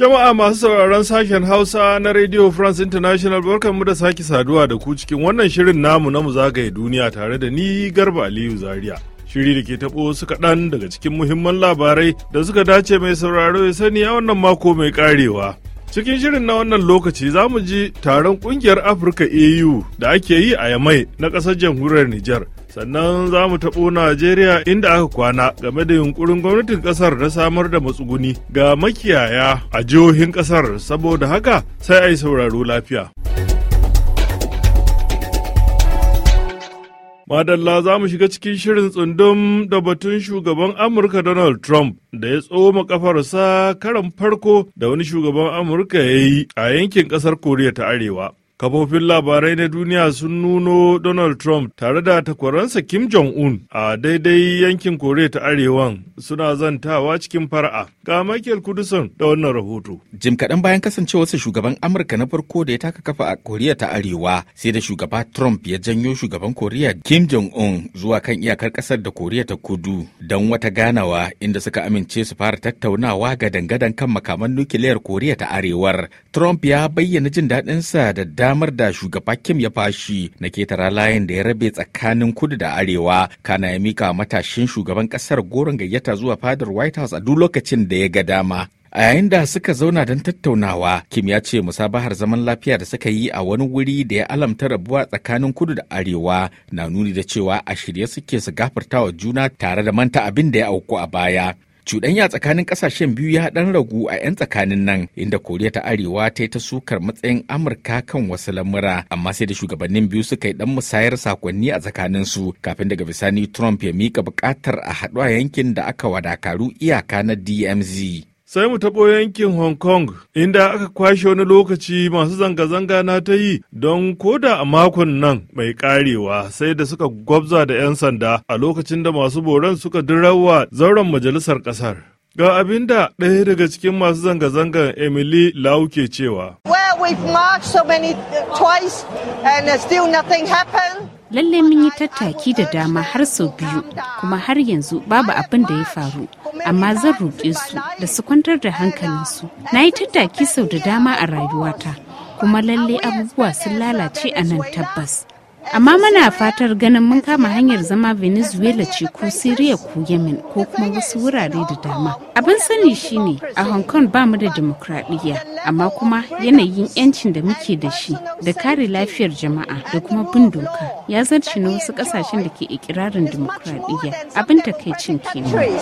Jama'a masu sauraron sashen Hausa na Radio France International mu da sake saduwa da ku cikin wannan shirin namu na mu zagaye duniya tare da ni Garba Aliyu Zaria. Shiri da ke taɓo su kaɗan daga cikin muhimman labarai da suka dace mai sauraro ya sani a wannan mako mai ƙarewa. Cikin shirin na wannan lokaci za mu ji taron ƙungiyar Afirka AU da ake yi a Yamai na ƙasar jamhuriyar Nijar. sannan za mu taɓo najeriya inda aka kwana game da yunkurin gwamnatin ƙasar na samar da matsuguni ga makiyaya a jihohin ƙasar saboda haka sai a yi sauraro lafiya Madalla za mu shiga cikin shirin tsundum da batun shugaban Amurka Donald Trump da ya tsoma kafarsa karan farko da wani shugaban Amurka ya yi a yankin ƙasar Koriya ta Arewa. Kafofin labarai na duniya sun nuno Donald Trump tare da takwaransa Kim Jong-un a daidai yankin Koriya ta Arewan suna zantawa cikin fara'a. Ga Michael Kudusan da wannan rahoto. Jim kaɗan bayan kasancewarsa shugaban Amurka na farko da ya taka kafa a Koriya ta Arewa sai da shugaba Trump ya janyo shugaban Koriya Kim Jong-un zuwa kan iyakar ƙasar da Koriya ta Kudu don wata ganawa inda suka amince su fara tattaunawa ga dangadan kan makaman nukiliyar Koriya ta Arewar. Trump ya bayyana jin daɗinsa da damar da shugaba Kim ya fashi na ketara layin da ya rabe tsakanin kudu da arewa kana ya mika matashin shugaban kasar goron gayyata zuwa fadar White House a duk lokacin da ya ga dama. A yayin da suka zauna don tattaunawa, Kim ya ce musabahar zaman lafiya da suka yi a wani wuri da ya alamta rabuwa tsakanin kudu da arewa na nuni da cewa a shirye suke su gafarta wa juna tare da manta abin da ya auku a baya. cuɗanya tsakanin ƙasashen biyu ya ɗan ragu a 'yan tsakanin nan inda koriya ta arewa ta yi ta sukar matsayin amurka kan wasu lamura amma sai da shugabannin biyu suka yi ɗan musayar sakonni a tsakanin su kafin daga bisani trump ya mika buƙatar a haɗu a yankin da aka wadakaru iyaka na dmz sai mu taɓo yankin hong kong inda aka kwashe wani lokaci masu zanga-zanga na ta yi don koda a makon nan mai karewa sai da suka gwabza da 'yan sanda a lokacin da masu boran suka dirawa zauren majalisar ƙasar ga abin da ɗaya daga cikin masu zanga-zangar emily lau ke cewa uh, uh, Lallai mun yi tattaki da dama har sau biyu kuma har yanzu babu abin da ya faru amma zan roƙe su da su kwantar da hankalinsu na yi tattaki sau da dama a rayuwata kuma lalle abubuwa sun lalace a nan tabbas amma muna fatar ganin mun kama hanyar zama venezuela ce ko syria ko yemen ko kuma wasu wurare da dama abin sani shine a hong kong ba mu da demokradiyya amma kuma yanayin yancin da muke da shi da kare lafiyar jama'a da kuma bin doka ya zarce na wasu kasashen da ke ikirarin demokradiyya abin takaicin kenan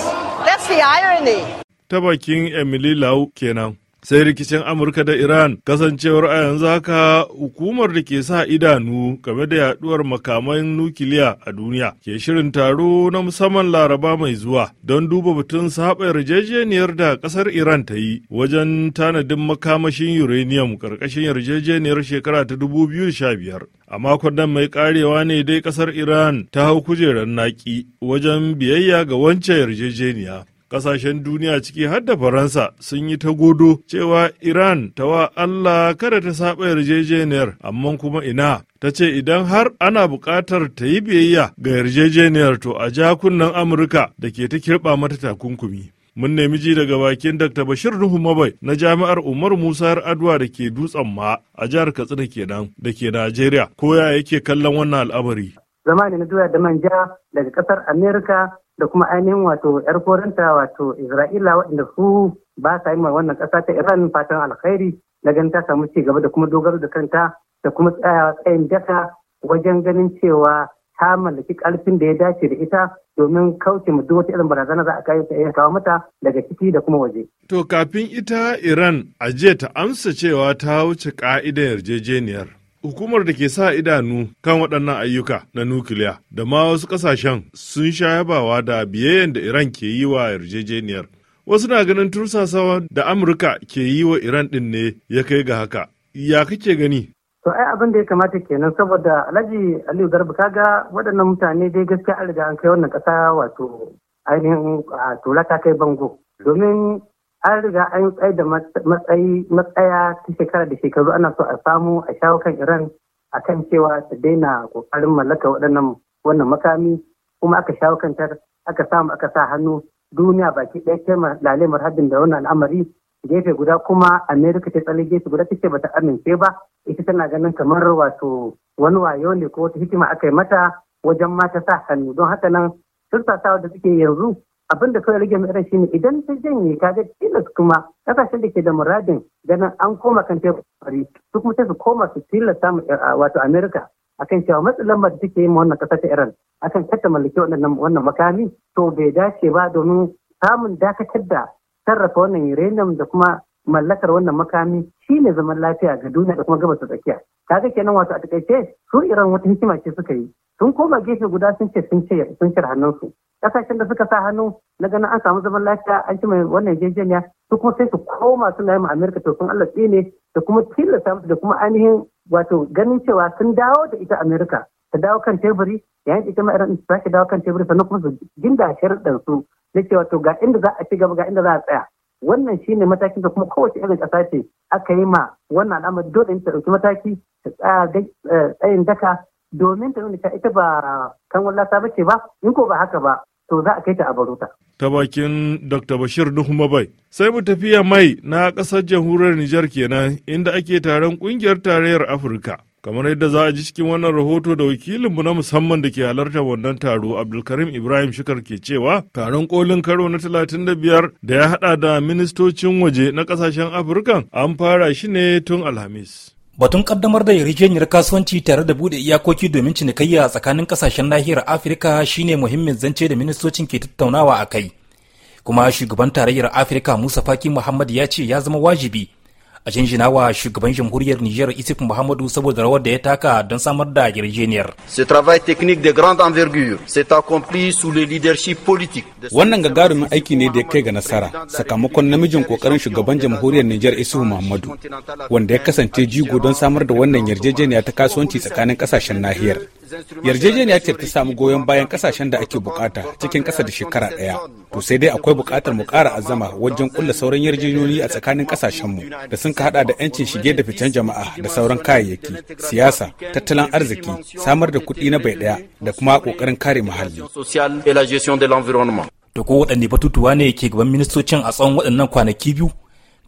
the irony. Ta bakin Emily Lau kenan. sai rikicin amurka da iran kasancewar a yanzu haka hukumar da ke sa idanu game da yaduwar makaman nukiliya a duniya ke shirin taro na musamman laraba mai zuwa don duba batun saba yarjejeniyar da kasar iran ta yi wajen tanadin makamashin uranium karkashin yarjejeniyar shekara ta 2015 a makon nan mai karewa ne dai kasar iran ta hau kujerar naki wajen biyayya ga wancan yarjejeniya Ƙasashen duniya ciki har da Faransa sun yi ta godo cewa Iran ta wa Allah kada ta saba yarjejeniyar amma kuma ina ta ce idan har ana buƙatar ta yi biyayya ga yarjejeniyar to a ja kunnen Amurka da ke ta kirɓa mata takunkumi. mun nemi ji daga bakin Dr. Bashir Nuhu Mabai na Jami'ar Umar Musa Adwa da ke Dutsen Ma a jihar Katsina kenan da ke Najeriya ko ya yake kallon wannan al'amari. zama ne na doya da manja daga kasar Amerika da kuma ainihin wato yar koranta wato Isra'ila waɗanda su ba sa yi wannan ƙasa ta Iran fatan alkhairi na ganin ta samu ci gaba da kuma dogaro da kanta da kuma tsayawa tsayin daka wajen ganin cewa ta mallaki ƙarfin da ya dace da ita domin kauce mu duk wata irin barazana za a kai ta kawo mata daga ciki da kuma waje. To kafin ita Iran a jiya ta amsa cewa ta wuce ka'idar yarjejeniyar Hukumar da ke sa idanu kan waɗannan ayyuka na nukiliya da ma wasu ƙasashen sun sha yabawa da biyayyan da Iran ke yi wa yarjejeniyar. Wasu na ganin tursasawa da Amurka ke yi wa Iran ɗin ne ya kai ga haka. Ya kake gani? To ai abin da ya kamata kenan saboda Alhaji Aliyu Garba ga waɗannan mutane dai gaskiya an riga an kai wannan ƙasa wato ainihin tola ta kai bango. Domin an riga an tsaye da matsayi matsaya ta shekara da shekaru ana so a samu a shawo kan iran a kan cewa ta daina kokarin mallaka waɗannan wannan makami kuma aka shawo kan ta aka samu aka sa hannu duniya baki ɗaya ce lalemar haddin da wannan al'amari gefe guda kuma amerika ta tsalle gefe guda take bata amince ba ita tana ganin kamar wato wani wayo ne ko wata hikima aka yi mata wajen mata sa hannu don haka nan sun tursasawa da suke yanzu abin da kawai rage mai shine idan ta janye ta ga tilas kuma kasashen da ke da muradin ganin an koma kan teburi su kuma su koma su tilasta eh, wato amerika akan cewa matsin lambar da take yi ma wannan kasa ta iran akan kata mallaki wannan makami to bai dace ba domin samun dakatar da sarrafa wannan uranium da kuma mallakar wannan makami shine zaman lafiya ga duniya da kuma gabas ta tsakiya kaga kenan wato a takaice su iran wata hikima ce suka yi sun koma gefe guda sun ce sun ce sun hannunsu kasashen da suka sa hannu na ganin an samu zaman lafiya an ci mai wannan jejjeniya su kuma sai su koma suna yi ma amerika to sun allah ne da kuma tilasta musu da kuma ainihin wato ganin cewa sun dawo da ita amerika ta dawo kan teburi yayin da ita ma irin ta dawo kan teburi sannan kuma su ginda sharuɗan su na cewa to ga inda za a ci gaba ga inda za a tsaya wannan shine matakin da kuma kowace irin kasa ce aka yi ma wannan al'amari dole ta dauki mataki ta tsaya eh, tsayin daka domin ta nuna ita ba kan lasa ba ce ba in ko ba haka ba to za a kai ta a baruta. Ta bakin Dr. Bashir bai Sai mu tafiya mai na ƙasar jamhuriyar Nijar kenan inda ake taron ƙungiyar tarayyar Afirka. Kamar yadda za a ji cikin wannan rahoto da wakilinmu na musamman da ke halartar wannan taro Abdulkarim Ibrahim shukar ke cewa taron kolin karo na 35 da ya hada da ministocin waje na kasashen Afirka an fara shi ne tun Alhamis. Batun kaddamar da yarjejeniyar kasuwanci tare da bude iyakoki domin cinikayya tsakanin kasashen nahiyar Afirka shine muhimmin zance da ministocin ke tattaunawa a kai. Kuma shugaban tarayyar Afirka Musa Faki Muhammad ya ce ya zama wajibi a jinjina wa shugaban jamhuriyar Nijar Isif Muhammadu saboda rawar da ya taka don samar da yarjejeniyar. Ce travail technique de grande envergure s'est accompli sous le leadership politique. Wannan gagarumin aiki ne da ya kai ga nasara sakamakon namijin kokarin shugaban jamhuriyar Nijar Isif Muhammadu wanda ya kasance jigo don samar da wannan yarjejeniya ta kasuwanci tsakanin kasashen nahiyar. Yarjejeniya ce ta samu goyon bayan kasashen da ake bukata cikin kasa da shekara daya. to sai dai akwai bukatar mu ƙara azama wajen kulla sauran yarjejeniyoyi a tsakanin ƙasashenmu da sun ka hada da 'yancin shige da ficen jama'a da sauran kayayyaki siyasa tattalin arziki samar da kuɗi na bai ɗaya da kuma ƙoƙarin kare muhalli da ko waɗanne batutuwa ne ke gaban ministocin a tsawon waɗannan kwanaki biyu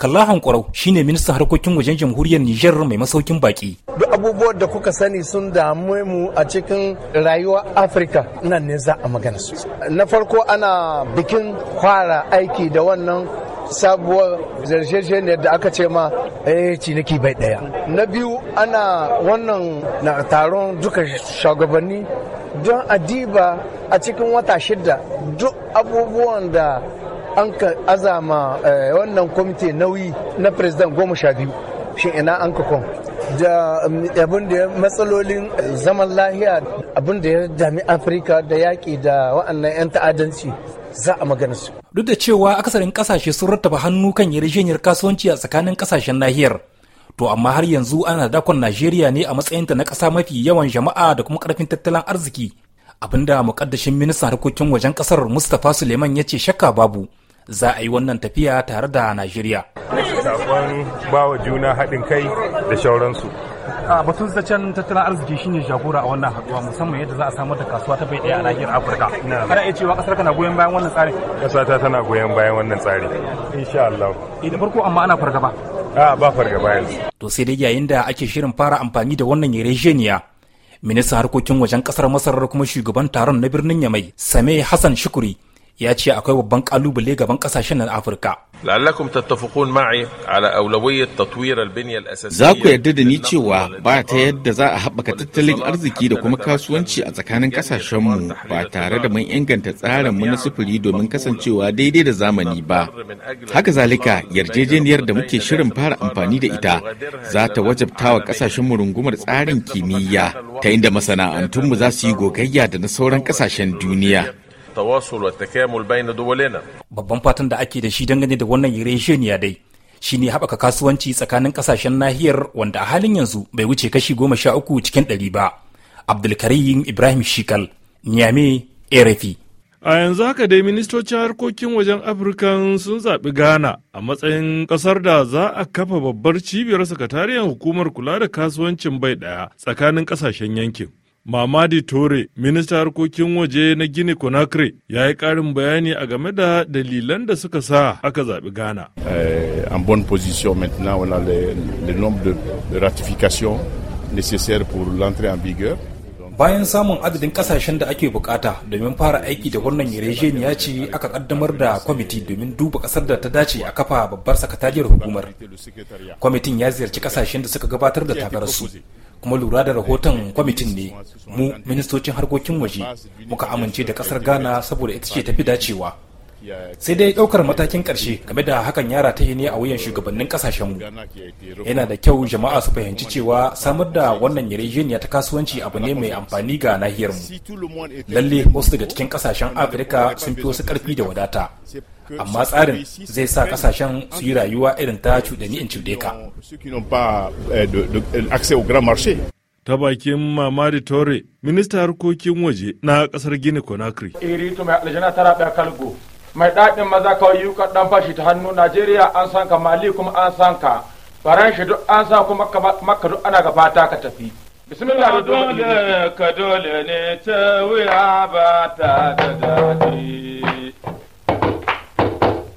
Kalla Hankurau shine ministan harkokin wajen jamhuriyar Nijar mai masaukin baki. Duk abubuwan da kuka sani sun damu mu a cikin rayuwa Afirka nan ne za a magana su. Na farko ana bikin fara aiki da wannan sabuwar zarshesheniyar da aka ce ma eh ciniki bai daya. Na biyu ana wannan na taron duka shugabanni don adiba a cikin wata shida duk abubuwan da an ka azama eh, wannan kwamiti nauyi na president goma sha biyu shin ina an ka kwan da um, abin da matsalolin eh, zaman lahiya abin da ya dami afirka da yaƙi da wa'annan 'yan ta'adanci za a magana su duk da cewa akasarin kasashe sun rattaba hannu kan yarjejeniyar kasuwanci a tsakanin kasashen nahiyar to amma har yanzu ana dakon najeriya ne a matsayinta na ƙasa mafi yawan jama'a da kuma karfin tattalin arziki abinda mukaddashin ministan harkokin wajen ƙasar mustapha suleiman ya ce shakka babu za a yi wannan tafiya tare da najeriya sakon bawa juna haɗin kai da shauransu a batun zancen tattalin arziki shine jagora a wannan haɗuwa musamman yadda za a samar da kasuwa ta bai ɗaya a nahiyar afirka kana iya cewa kasar kana goyon bayan wannan tsari kasa ta tana goyon bayan wannan tsari insha Allah idan eh, farko amma ana fargaba a ba fargaba yanzu to sai dai yayin da ake shirin fara amfani da wannan yarjejeniya ministan harkokin wajen kasar masar kuma shugaban taron na birnin yamai same hassan shukuri ya ce akwai babban kalubale gaban kasashen nan Afirka. La'allakum ma'i ala awlawiyyat Za ku yarda da ni cewa ba ta yadda za a haɓaka tattalin arziki da kuma kasuwanci a tsakanin kasashen mu ba tare da mun inganta tsarin mu na sufuri domin kasancewa daidai da zamani ba. Haka zalika yarjejeniyar da muke shirin fara amfani da ita za ta wajabta wa kasashen mu rungumar tsarin kimiyya ta inda mu za su yi gogayya da na sauran ƙasashen duniya. tawasul wa takamul bayna babban fatan da ake da shi dangane da wannan yarjejeniya dai shine haɓaka kasuwanci tsakanin ƙasashen nahiyar wanda a halin yanzu bai wuce kashi goma sha uku cikin ɗari ba abdulkarim ibrahim shikal niame erefi a yanzu haka dai ministocin harkokin wajen afirka sun zaɓi ghana a matsayin ƙasar da za a kafa babbar cibiyar sakatariyar hukumar kula da kasuwancin bai ɗaya tsakanin ƙasashen yankin Mamadi Tore, ministan harkokin waje na Gini Conakry, ya yi ƙarin bayani a game da dalilan da suka sa aka zaɓi Ghana. Eh, en bonne position maintenant, on a le, nombre de, de pour l'entrée en vigueur. bayan samun adadin kasashen da ake bukata domin fara aiki da wannan ya ce aka kaddamar da kwamiti domin duba kasar da ta dace a kafa babbar sakatajiyar hukumar kwamitin ya ziyarci kasashen da suka gabatar da takararsu kuma lura da rahoton kwamitin ne mu ministocin harkokin waje muka amince da kasar ghana saboda ita ce tafi dacewa sai dai ɗaukar matakin ƙarshe game da hakan yara ta ne a wuyan shugabannin ƙasashenmu yana da kyau jama'a su fahimci cewa samar da wannan yarjejeniya ta kasuwanci abu ne mai amfani ga nahiyarmu lalle wasu daga cikin ƙasashen afirka sun fi wasu ƙarfi da wadata amma tsarin zai sa ƙasashen su yi rayuwa irin ta cuɗani in cuɗe ka eh, ta bakin Mamadi Tore, ministan harkokin waje na kasar Gini Conakry. mai daɗin maza kawai yuka ɗan fashi ta hannu najeriya an san ka mali kuma an san ka faranshi duk an san kuma makka duk ana gabata ka tafi bismillah dole ka dole ne ta wuya ba ta da daɗi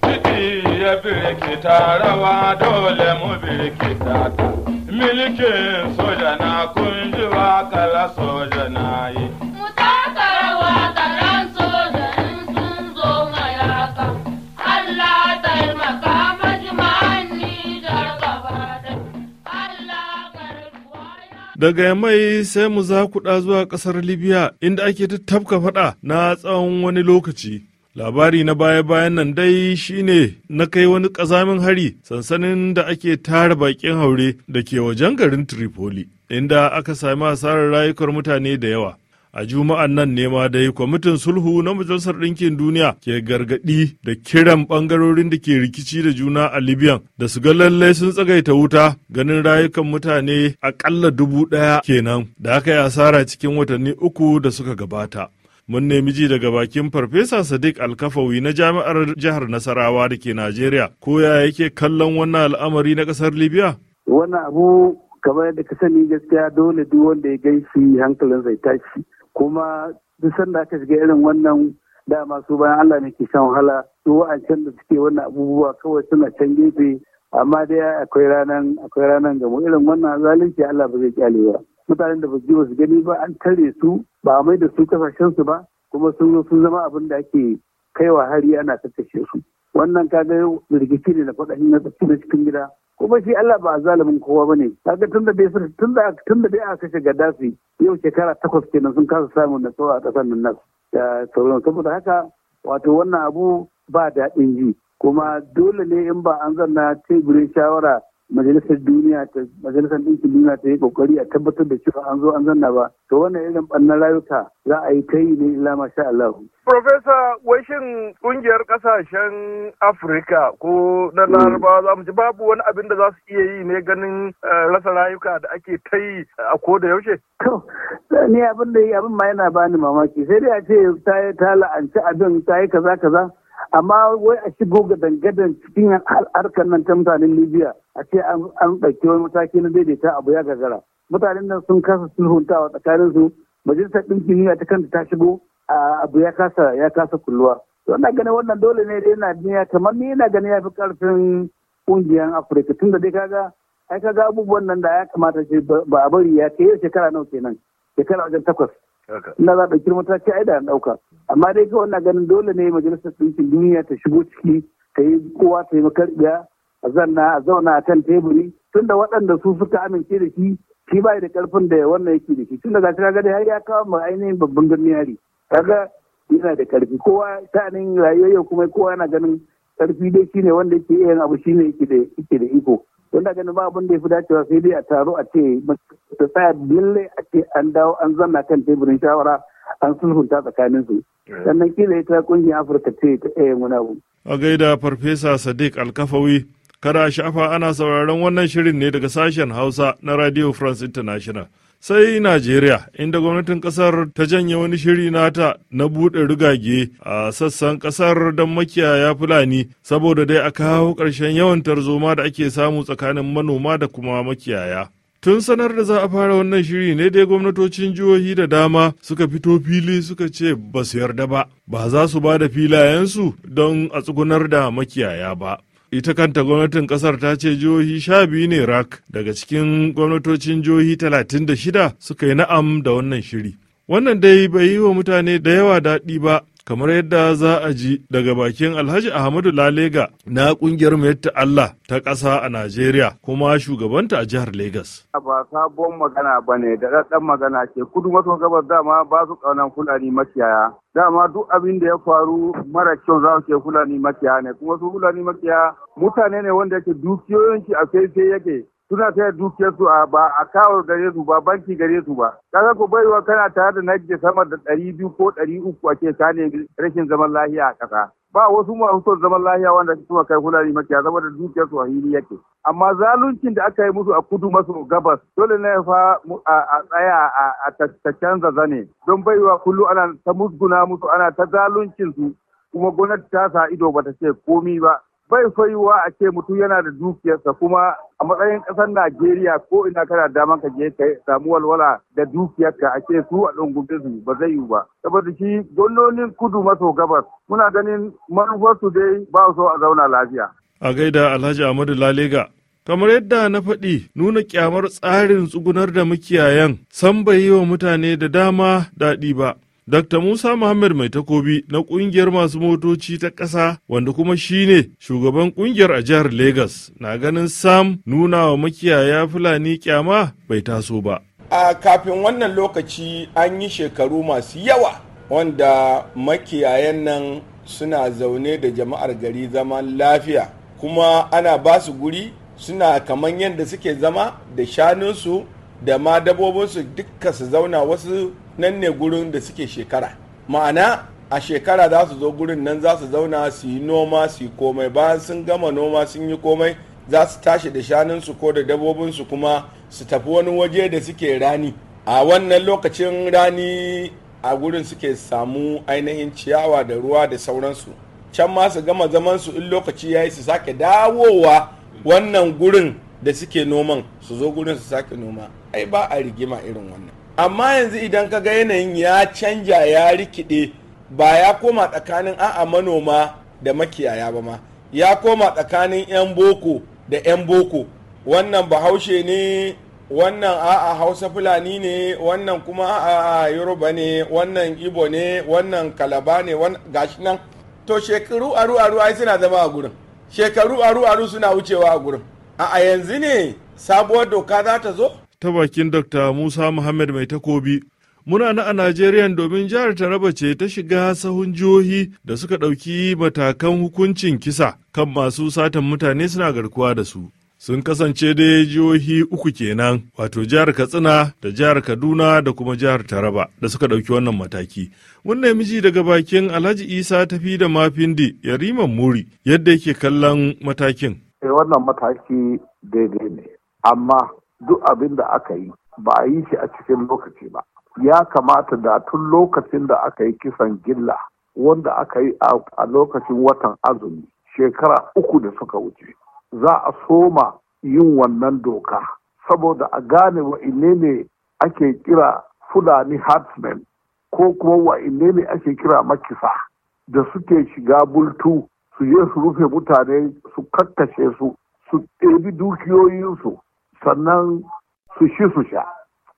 titi ya birkita rawa dole mu birkita ta milikin soja na kunji wa kala soja na yi Daga yamai sai mu za ku ɗa zuwa ƙasar Libya inda ake ta tafka faɗa na tsawon wani lokaci. Labari na baya-bayan nan dai shine na kai wani ƙazamin hari sansanin da ake tara baƙin haure da ke wajen garin Tripoli, inda aka sami asarar rayukar mutane da yawa. A juma'an nan ne ma dai kwamitin sulhu na Majalisar Ɗinkin Duniya ke gargaɗi da kiran ɓangarorin da ke rikici da juna a Libyan da su ga lallai sun tsagaita wuta ganin rayukan mutane aƙalla dubu ɗaya kenan da aka yi asara cikin watanni uku da suka gabata. mun nemi ji daga bakin farfesa sadiq alkafawi na jami'ar jihar nasarawa da ke najeriya ko ya yake kallon wannan al'amari na kasar libya wannan abu kamar yadda ka sani gaskiya dole duk wanda ya gaishi hankalin zai tashi kuma duk sanda aka shiga irin wannan dama su bayan Allah ne ke shan wahala su wa'ancan da suke wannan abubuwa kawai suna can gefe amma dai akwai ranan akwai ranan gamo irin wannan zalunci Allah ba zai kyale ba mutanen da ba ji wasu gani ba an tare su ba mai da su kasashen su ba kuma sun zo sun zama abin da ake kaiwa hari ana kakkashe su wannan kaga rikici ne na faɗa na cikin gida kuma shi Allah ba zalimin kowa bane kaga tun da bai tun da tun da bai aka kashe Gaddafi yau shekara takwas kenan sun kasa samun nasara a kasar nan nas sauran saboda haka wato wannan abu ba daɗin ji kuma dole ne in ba an zanna teburin shawara majalisar duniya ta majalisar ɗinkin duniya ta yi kokari a tabbatar da cewa an zo an zanna ba to wannan irin ɓannan rayuka za a yi ta yi ne illa masha Allah. Profesa washin ƙungiyar ƙasashen Afirka ko na mm. Larabawa za mu ji babu wani abin da za su iya yi ne ganin eh, rasa rayuka da ake ta yi a ko da yaushe. Ni abin da yi abin ma yana bani mamaki sai dai a ce ta la'anci abin ta yi kaza kaza amma wai a shigo ga dangadan cikin harkar nan ta mutanen libya a ce an ɗauki wani mataki na daidaita abu ya gagara mutanen nan sun kasa sulhuntawa tsakanin su majalisar ɗinkin duniya ta kanta ta shigo abu ya kasa ya kasa kulluwa to ina ganin wannan dole ne dai na duniya kamar ni ina ganin ya fi ƙarfin ƙungiyar afirka tunda dai kaga ai kaga abubuwan nan da ya kamata ce ba a bari ya kai shekara nawa kenan shekara wajen takwas ina za a ɗauki mataki ai da an ɗauka amma dai kawai na ganin dole ne majalisar ɗinkin duniya ta shigo ciki ta yi kowa ta yi makarɗiya a zanna a zauna a kan teburi tunda waɗanda su suka amince da shi shi bai da ƙarfin da wannan yake da shi tunda ga kaga gani har ya kawo ma ainihin babban birni hari kaga yana da ƙarfi kowa sha'anin rayuwar kuma kowa yana ganin ƙarfi dai shine wanda yake yin abu shine yake da yake da iko wanda gani ba abin da ya fi dacewa sai dai a taro a ce ta tsaya lallai a ce an dawo an zanna kan teburin shawara an sulhunta tsakanin su eh. sannan kila ita kungiyar afirka ce ta ɗaya wani abu. a gaida farfesa sadiq alkafawi kada shafa ana sauraron wannan shirin ne daga sashen hausa na radio france international sai najeriya inda gwamnatin kasar ta janye wani shiri nata na buɗe rugage a sassan kasar don makiyaya fulani saboda dai a kawo ƙarshen yawan tarzoma da ake samu tsakanin manoma da kuma makiyaya Tun sanar da za a fara wannan shiri ne dai gwamnatocin jihohi da dama suka fito fili suka ce ba su yarda ba, ba za su ba da filayensu don a tsugunar da makiyaya ba. ita kanta gwamnatin kasar ta ce jihohi sha biyu ne rak daga cikin gwamnatocin jihohi talatin da shida suka yi na'am da wannan shiri wannan dai bai yi wa mutane da yawa daɗi ba kamar yadda za a ji daga bakin alhaji ahmadu lalega na kungiyar yadda allah ta ƙasa a najeriya kuma shugabanta a jihar Legas. ba sabon magana ba ne da ɗaɗɗan magana ce kudu maso gabas dama ba su ƙaunar fulani makiyaya dama duk abin da ya faru mara kyau za su ce fulani makiyaya ne kuma su fulani makiyaya mutane ne wanda yake dukiyoyin a sai yake suna taya dukiyarsu a ba a kawo gare su ba banki gare su ba kaga ko baiwa kana tare da naje sama da ɗari biyu ko ɗari uku ake kane rashin zaman lahiya a ƙasa ba wasu masu son zaman lahiya wanda suka kai zama zama da dukiyarsu a hili yake amma zaluncin da aka yi musu a kudu maso gabas dole ne fa a tsaya a ta canza zane don baiwa kullum ana ta musguna musu ana ta zaluncin su kuma gwamnati ta sa ido bata ce komi ba bai faiwa a ce mutum yana da dukiyarsa kuma a matsayin ƙasar Najeriya ko ina kana daman ka je ka samu walwala da dukiyarka a ce su a ɗungumce su ba zai yiwu ba. Saboda shi gwamnonin kudu maso gabas muna ganin manufarsu dai ba so a zauna lafiya. A gaida Alhaji Ahmadu Lalega. Kamar yadda na faɗi nuna kyamar tsarin tsugunar da makiyayan san bai yi wa mutane da dama daɗi ba. Dr. Musa Muhammad Mai Takobi na kungiyar masu motoci ta ƙasa wanda kuma shi ne, shugaban kungiyar a jihar Legas na ganin Sam nuna wa makiyaya Fulani kyama bai taso ba. A kafin wannan lokaci an yi shekaru masu yawa wanda makiyayan nan suna zaune da jama'ar gari zaman lafiya kuma ana ba su guri suna kamar yadda suke zama da shanunsu da ma dabobinsu duka su zauna wasu nan ne gurin da suke shekara ma'ana a shekara za su zo gurin nan za su zauna su yi noma su yi komai bayan sun gama noma sun yi komai za su tashi da shanunsu ko da dabobinsu kuma su tafi wani waje da suke rani a wannan lokacin rani a gurin suke samu ainihin ciyawa da ruwa da sauransu can ma su gama zamansu in lokaci ya yi su sake dawowa wannan gurin da suke noman su zo gurin su sake noma ai ba a rigima irin wannan amma yanzu idan ka ga yanayin ya canja ya rikide ba ya koma tsakanin a'a manoma da makiyaya ba ma ya koma tsakanin 'yan boko da 'yan boko wannan bahaushe ne wannan a'a hausa fulani ne wannan kuma a'a yoruba ne wannan ibo ne wannan kalaba ne gashi nan to shekaru aru aru ai suna zama a gurin shekaru aru aru suna wucewa a gurin a yanzu ne sabuwar doka za ta zo ta bakin Dr. Musa Muhammad mai takobi. Muna na a Najeriya domin jihar Taraba ce ta shiga sahun jihohi da suka ɗauki matakan hukuncin kisa kan masu satan mutane suna garkuwa da su. Sun kasance dai jihohi uku kenan, wato jihar Katsina da jihar Kaduna da kuma jihar Taraba da suka ɗauki wannan mataki. Wannan miji daga bakin Alhaji Isa tafi da mafindi Yariman Muri yadda yake kallon matakin. Eh, wannan mataki daidai ne, amma duk abin da aka yi ba a yi shi a cikin lokaci ba ya kamata da tun lokacin da aka yi kisan gilla wanda aka yi a lokacin watan azumi shekara uku da suka wuce za a soma yin wannan doka saboda a gane wa ne ake kira fulani herdsmen ko kuma wa ne ake kira makisa da suke shiga bultu su je su rufe mutane su kakkashe su su ɗebi dukiyoyinsu sannan su shi su sha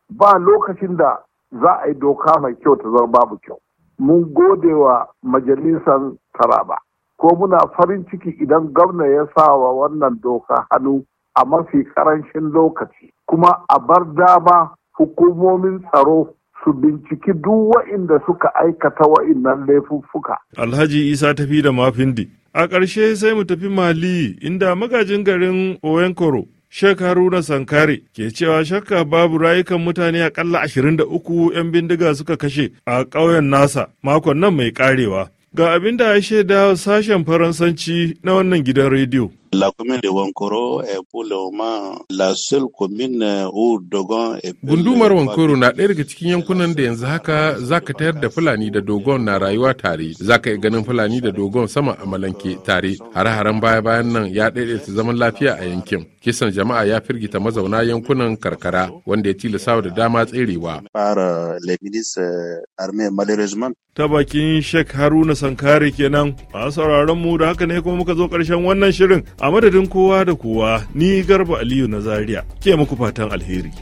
ba lokacin da za a yi doka mai kyau ta zama babu kyau mun gode wa majalisar taraba ko muna farin ciki idan gwamna ya sa wa wannan doka hannu a mafi karancin lokaci kuma a bar dama hukumomin tsaro su binciki duk wa'inda suka aikata wa'innan laifuffuka. Alhaji Isa tafi da mafindi. A ƙarshe sai mu tafi Mali inda magajin garin Oyenkoro Sheikh Haruna Sankare ke cewa shakka babu rayukan mutane akalla 23 'yan bindiga suka kashe a ƙauyen nasa makon nan mai ƙarewa. Ga abin da ya shaida sashen Faransanci na wannan gidan rediyo. La commune de Wankoro est pour le moment la seule commune où Dogon est. Gundumar Wankoro na ɗaya daga cikin yankunan da yanzu haka za ka tayar da Fulani da Dogon na rayuwa tare. za iya ganin Fulani da Dogon sama a Malanke tare. Hare-haren baya-bayan nan ya daidaita zaman lafiya a yankin. Kisan jama'a ya firgita mazauna yankunan karkara wanda ya tilasa da dama tserewa. Euh, Ta bakin Sheikh Haruna Sankare kenan. A sauraron mu da haka ne kuma muka zo ƙarshen wannan shirin. a madadin kowa da kowa ni garba aliyu na zaria ke muku fatan alheri